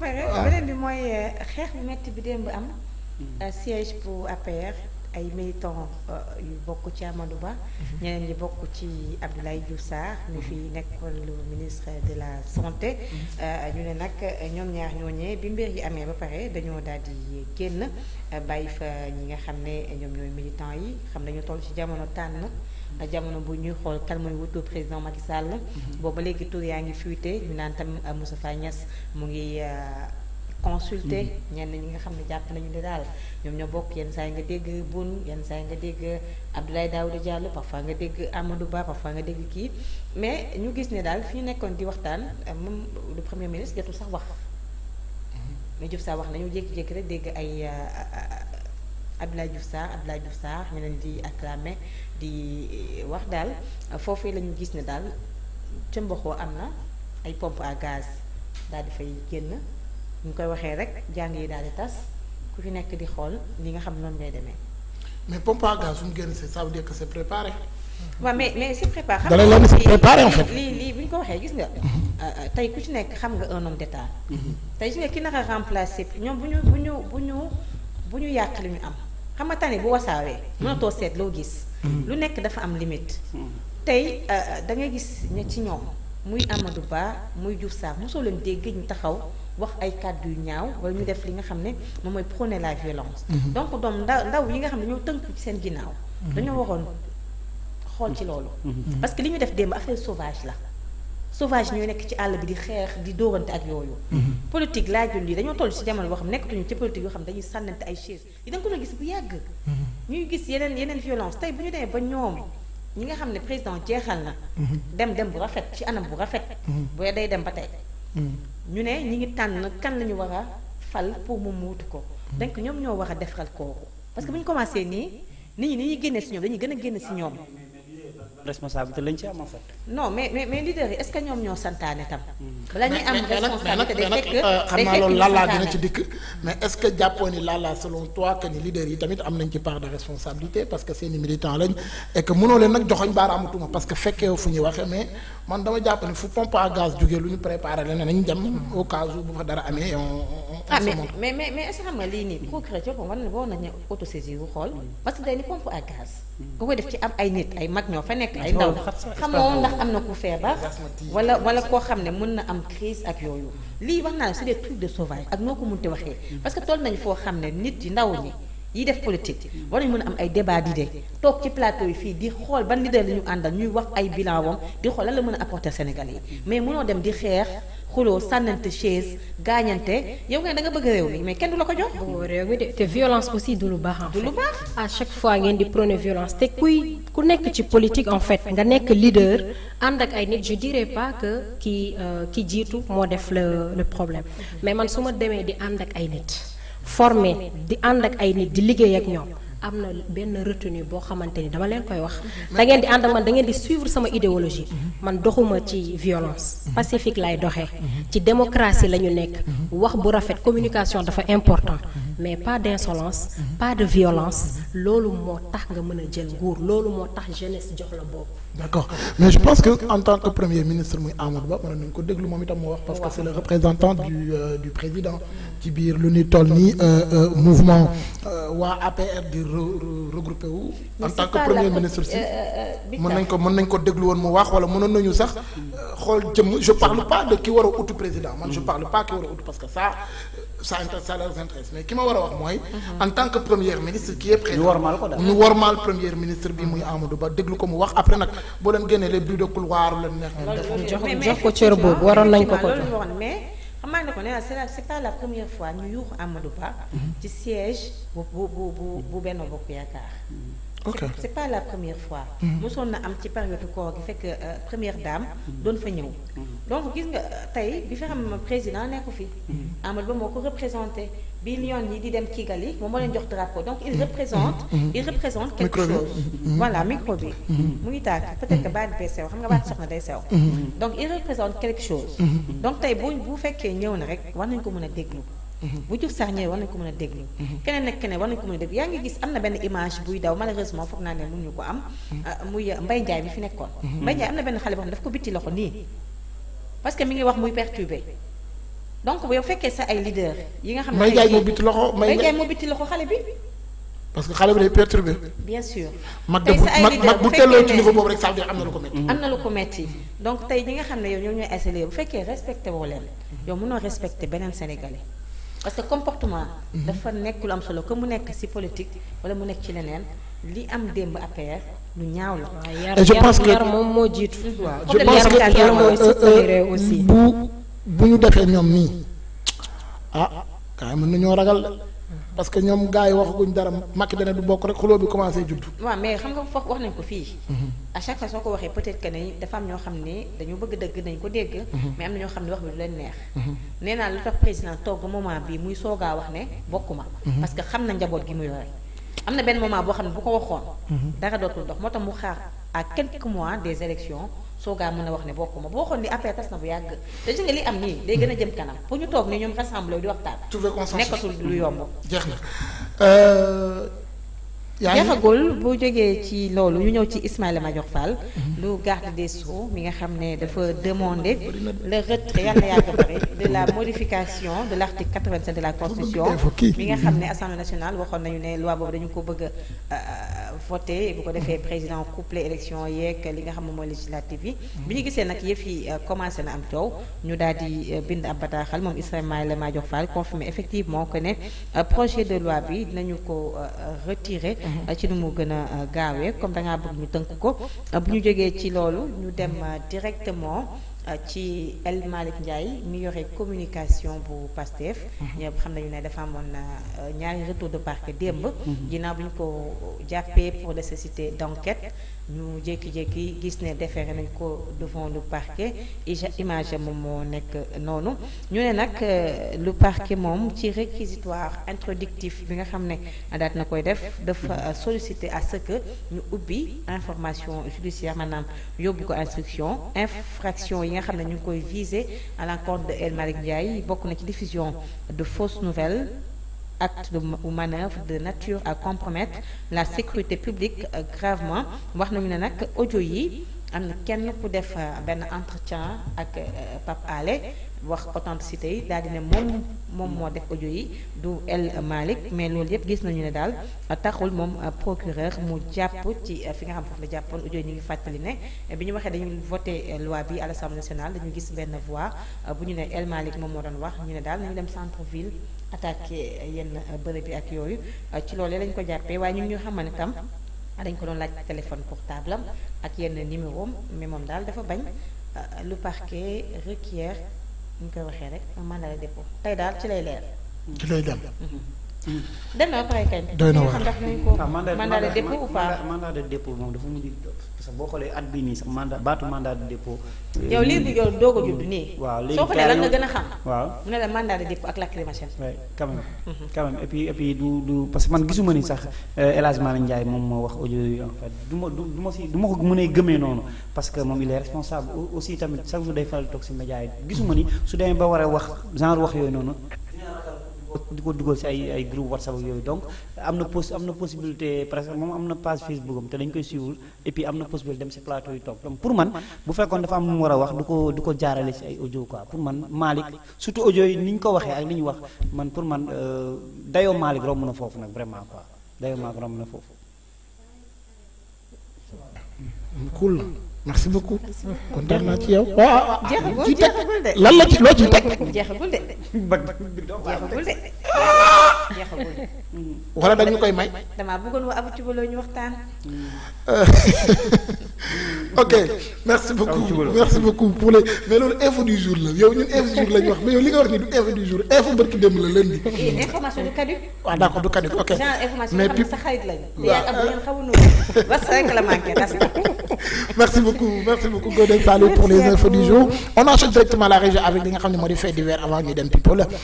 pare ah. beneen bi mooy euh, xeex bu metti bi démb am euh, siège pour APR ay militants euh, yu bokk ci Amadou Ba mhm. ñeneen ñi bokk ci Abdoulaye Diouf Sarr ñu mhm. fi nekkoon lu ministre de la santé mhm. ñu ne nag ñoom ñaar ñooñee bi mbir yi amee ba pare dañoo daal di génn bàyyi fa ñi nga xam ne ñoom ñooy militants yi xam nañu toll ci jamono tànn jamono bu ñuy xool kan mooy wutu président Macky Sall. Mm-hmm. boobu léegi tur yaa ngi fuité ñu naan tam Moustapha Niass mu ngi euh, consulter mm-hmm. ñenn ñi nga xam ne jàpp nañu ne daal ñoom ñoo bokk yenn saa yi nga dégg Boun yenn saa yi nga dégg Abdoulaye Daouda Diallo parfois nga dégg Amadou Ba parfois nga dégg kii mais ñu gis ne daal fi ñu nekkoon di waxtaan euh, moom le premier ministre jotul sax wax. Mm-hmm. mais Diouf sax wax nañu jékki-jékki rek dégg ay. Euh, Abdoulaye Diouf Sarr Abdoulaye Diouf Sarr ñu leen di ak acclamé di eh, wax daal foofu la lañu gis ne daal ca mboxoo am na ay pompe à gaz daal di fay génn ñu koy waxee rek jàng yi daal di tas ku fi nekk di xool li nga xam noonu ngay demee. mais pompe à su mu génn ça veut dire que c'est préparé. waaw mais mais lii lii bu ko waxee gis nga. Mhm. Euh, tey ku ci nekk xam nga un homme d'état. Mhm. ñoom bu ñu bu ñu bu ñu bu ñu yàq li ñu am. xam nga tane bu wasaawee mënatoo seet loo gis. Mm. lu nekk dafa am limite. Mm. tey euh, euh, da ngay gis ña ci ñoom muy Amadou Ba muy Diouf Sarr mosoo leen dégg ñu taxaw wax ay kàddu yu ñaaw wala ñu def li nga xam ne moom mooy prôner la violence. Mm-hmm. donc doom ndaw ndaw yi nga xam ne ñoo tënk ci seen ginnaaw. Mm-hmm. dañoo waxoon xool ci loolu. Mm-hmm. parce que li ñu def démb affaire sauvage la. sauvage ñooy nekk ci àll bi di xeex di dóorante ak yooyu. Mhm. politique laajul lii dañoo toll ci jamono boo xam nekkatuñu ci politique yoo xam dañuy sànnante ay chaise yi da ko doon gis bu yàgg. Mhm. ñuy gis yeneen yeneen violence tey bu ñu dee ba ñoom ñi nga xam ne président jeexal na. Mhm. dem dem bu rafet ci anam bu rafet. booy day dem ba tey. ñu ne ñi ngi tànn kan la ñu war a fal pour mu muutu ko. donc ñoom ñoo war a defaral kooku parce que bu ñu commencé nii nit ñi ni ñuy génnee ci ñoom dañuy gën a génn ci ñoom. responsabilité lañ ci am en fait. non mais mais leader yi est-ce ñoom ñoo santaane tam. Hmm. bala ñuy am responsabilité day fekk euh, jàppoo ni lalla selon toi que ni leader yi tamit am nañ ci part de responsabilité parce que seen i militants lañ mënoo leen nag joxoñ baaraamatuma parce que fekkee fu ñuy waxee mais man dama jàpp ni fu pompe à gaz lu ñu préparé la ne nañ dem au fa dara amee on. ah mais mais mais est-ce que xam nga lii nii procureur ci ay ndaw xamoo ndax am na ku feebar wala wala koo xam ne mën na am crise ak yooyu lii wax naa ne c'est des trucs de sauvage ak noo ko mënti waxee parce que toll nañ foo xam ne nit yi ndaw ñi yi def politique war nañu mën a am ay débat d'idées toog ci plateau yi fii di xool ban leader la ñu àndal ñuy wax ay bilan wam di xool lan la mën a apporter Sénégalais yi mais mënoo dem di xeex xuloo sànnante chaise gaañante yow nga da nga bëgg réew mi mais kenn du la ko jox. réew mi de te violence aussi du lu baax en du lu baax à chaque fois ngeen di prôner violence te kuy ku nekk ci politique en fait nga nekk leader ànd ak ay nit je dirais pas que ki euh, ki jiitu moo def le le problème mais man su ma demee di ànd ak ay nit former di ànd ak ay nit di liggéey ak ñoom. am na benn retenue boo xamante ni dama leen koy wax da di ànd ak man da ngeen di suivre sama idéologie man doxuma ci violence pacifique lay doxee ci démocratie la ñu nekk wax bu rafet communication dafa important mais pas d'insolence pas de violence loolu moo tax nga mën a jël nguur loolu moo tax jeunesse jox la bopp d'accord mais je pense que en tant que premier ministre muy Amadou Ba mën nañu ko déglu moom itam moo wax parce que c'est le représentant du euh, du président ci biir euh, euh, euh, wu en tant que premier ministre si mën nañ ko mën nañ ko déglu woon mu wax wala mënoon nañu sax xool jëm je parle pas de ki war a ut président man je parle pas ki war a utu parce que ça ça sa les intéresse mais ki ma war a wax mooy. en tant que premier ministre qui est présent. ñu wormaal ko ministre bi muy Amadou Ba déglu ko mu wax après nag boo leen génnee les bruits de couloir la neex ngeen def. mais mais jox ko cër boobu waroon nañ ko ko jox mais xam naa ne ko nee naa la première fois ñu yuuxu Amadou Ba. Mhm. ci siège bu bu bu bu Bokk Yaakaar. ok c'est pas la première fois. mosoon na am ci période koor gi fekk première dame. Mhm. doon fa ñëw. Mhm. donc gis nga euh, tey bi fi xam président nekku fi. Mhm. Amadou Ba moo ko représenté bi Lyon yi di dem Kigali moom moo leen jox drapeau donc il représente. il représente quelque chose. voilà micro bi. mu ngi tàkk nga baat soxna day sew. donc il représente quelque chose. donc tey bu bu fekkee ñëw na rek war nañ ko mën a déglu. Mhm. bu Diouf Sarr ñëwee war nañ ko mën a déglu mhm. keneen nag keneen war nañ ko mën a déglu yaa ngi gis am na benn image buy daw malheureusement foog naa ne mun ñu ko am mhm. ah, muy Mbaye Ndiaye bi fi nekkoon Mbaye Ndiaye am na benn xale boo xam ne daf ko bitti loxo nii parce que mi ngi wax muy perturbé donc yow fekkee sa ay leader yi nga xam ne Mbaye Ndiaye moo bitti loxo Mbaye Ndiaye moo bitti loxo xale bi parce que xale bi day perturbé bien sûr mag de mag bu telloo ci niveau boobu rek ça veut dire am na lu ko metti am na lu ko metti donc tey ñi nga xam ne yow ñoo ñooy assalé bu fekkee respecté woo leen yow mënoo respecté beneen sénégalais parce que comportement. dafa nekk lu am solo que mu nekk ci politique walla mu nekk ci leneen li am démb APR lu ñaaw la. je pense moom moo jiitu. je pense que euh, euh, aussi bu bu ñu defee ñoom nii ah kaay mën nañoo ragal. parce que ñoom gars yi waxaguñ dara Macky dana du bokk rek xuloo bi commencé judd. waaw mais xam nga foog wax nañ ko fii. Mhm. à chaque fois soo ko waxee peut-être que ne dafa am ñoo xam ne dañu bëgg dëgg nañ ko dégg. Mhm. mais am na xam ne wax bi du leen neex. Mhm. nee naa lu tax président togg moment bi muy soogaa wax ne bokkuma. parce que xam na njaboot gi muy yore. am na benn moment boo xam ne bu ko waxoon. dara dootul dox moo tax mu xaar à quelques mois des élections soo gaa mën a wax ne bokkuma boo xoon ni affaire tas na bu yàgg te gis li am nii day gën a jëm kanam pour ñu toog ni ñoom rassemblé wu di waxtaan. trouver consensus nekkatul lu yomb. jeex na. Euh, yaa ngi jeexagul boo jógee ci loolu ñu ñëw ci Ismaïla Madior Fall. lu mhm. garde de Sceaux mi nga xam ne dafa demander le retrait yàlla yàgg bëri de la modification de l' article 85 de la constitution mi nga xam ne assemblée nationale waxoon nañu ne loi boobu dañu ko bëgg euh, voté bu ko defee président couplé élection yeeg li nga xam ne mooy législative yi. bi ñu gisee nag yëf yi euh, commencé na am coow ñu daal di euh, bind ab bataaxal moom Ismaïla Madior fal confirmé effectivement que ne euh, projet de loi bi dinañu ko retirer. Mhm. ci nu mu gën a gaawee comme da ngaa bëgg ñu tënk ko bu ñu jógee ci loolu ñu dem directement. Euh, ci El Malick Ndiaye mi yore communication bu PASTEF. Mhm. ñëpp xam nañu ne dafa amoon na euh, ñaari retour de parquet démb. Mhm. ginnaaw bi ñu ko jàppee pour nécessité d' enquête. ñu jékki-jékki gis ne déféré nañ ko devant le parquet image moom moo nekk noonu ñu ne nag euh, le parquet moom ci réquisitoire introductif bi nga xam ne daat na koy def dafa solliciter à ce que ñu ubbi information judiciaire maanaam yóbbu ko instruction infraction yi nga xam ne ñu ngi koy viser à l'encontre de El Malick Ndiaye bokk na ci diffusion de fausses nouvelle acte de ou manœuvre de nature à compromettre la sécurité publique euh, gravement wax nañu ne nag audio yi am na kenn ku def euh, benn entretien ak euh, Pape Alé wax authenticité yi daal di ne moom moom moo def audio yi du El Malick mais loolu yëpp gis nañu ne daal taxul moom euh, procureur mu jàpp ci fi nga xam foofu la jàppoon audio ñu ngi fàttali ne bi ñu waxee dañu voté loi bi à l'Assemblée nationale dañu gis benn voix bu ñu ne El Malick moom moo doon wax ñu ne daal nañu dem centre ville attaqué yenn bërëb bi ak yooyu ci loolee lañ ko jàppee waaye ñun ñu xamal ne tam Ah, dañ ko doon laaj téléphone portable am ak yenn numéro am mais moom daal dafa bañ ah, lu parquet requiert ñu koy waxee rek ma mandat de dépôt tey daal ci lay leer. ci lay dem. Mhm. dem na ba pare kañ. doy na waar ah, mandat de de dépôt moom dafa mujj parce que boo xoolee at bii nii sax mandat baatu mandat de dépôt. yow lii di yow doog a nii. waaw léegi a mhm. du du parce que man gisuma ni sax euh, El Hadj Malick Ndiaye moom moo wax audio yi en fait du ma du ma si du ma ko mënee gëmee noonu parce que moom il est responsable aussi tamit chaque jour day faral toog si média yi gisuma ni su demee ba war a wax genre wax yooyu noonu. di ko dugal si ay ay whatsapp yooyu donc am na pos am na possibilité parce que moom am na page facebook te dañ koy suivre et puis am na possibilité dem si plateau yi toog donc pour man bu fekkoon dafa am mu war a wax du ko du ko jaarale si ay audio quoi pour man Malick surtout audio yi ni ñu ko waxee ak li ñu wax man pour man euh, dayoo Malick romb na foofu nag vraiment quoi dayoo Malick romb na foofu cool merci beaucoup kontaan naa ci yow. waaw ah, ah, jeexagul jeexagul de lan la ci loo ciy teg. jeexagul de. jeexagul. Mm. wala dañu koy may. damaa bëggoon waa Abu Thioubalo ñu waxtaan. Mm. ok merci beaucoup merci beaucoup pour les mais loolu info du jour la yow ñun info du jour wax mais yow li nga wax nii du info du jour info barki démb la du caduc. waaw ah, d' accord du caduc ok. genre information xam ne sa xarit lañu. merci beaucoup merci beaucoup Godel pour les infos du jour on enchaîne directement la région avec li nga xam ne moo di fait divers avant ñu dem people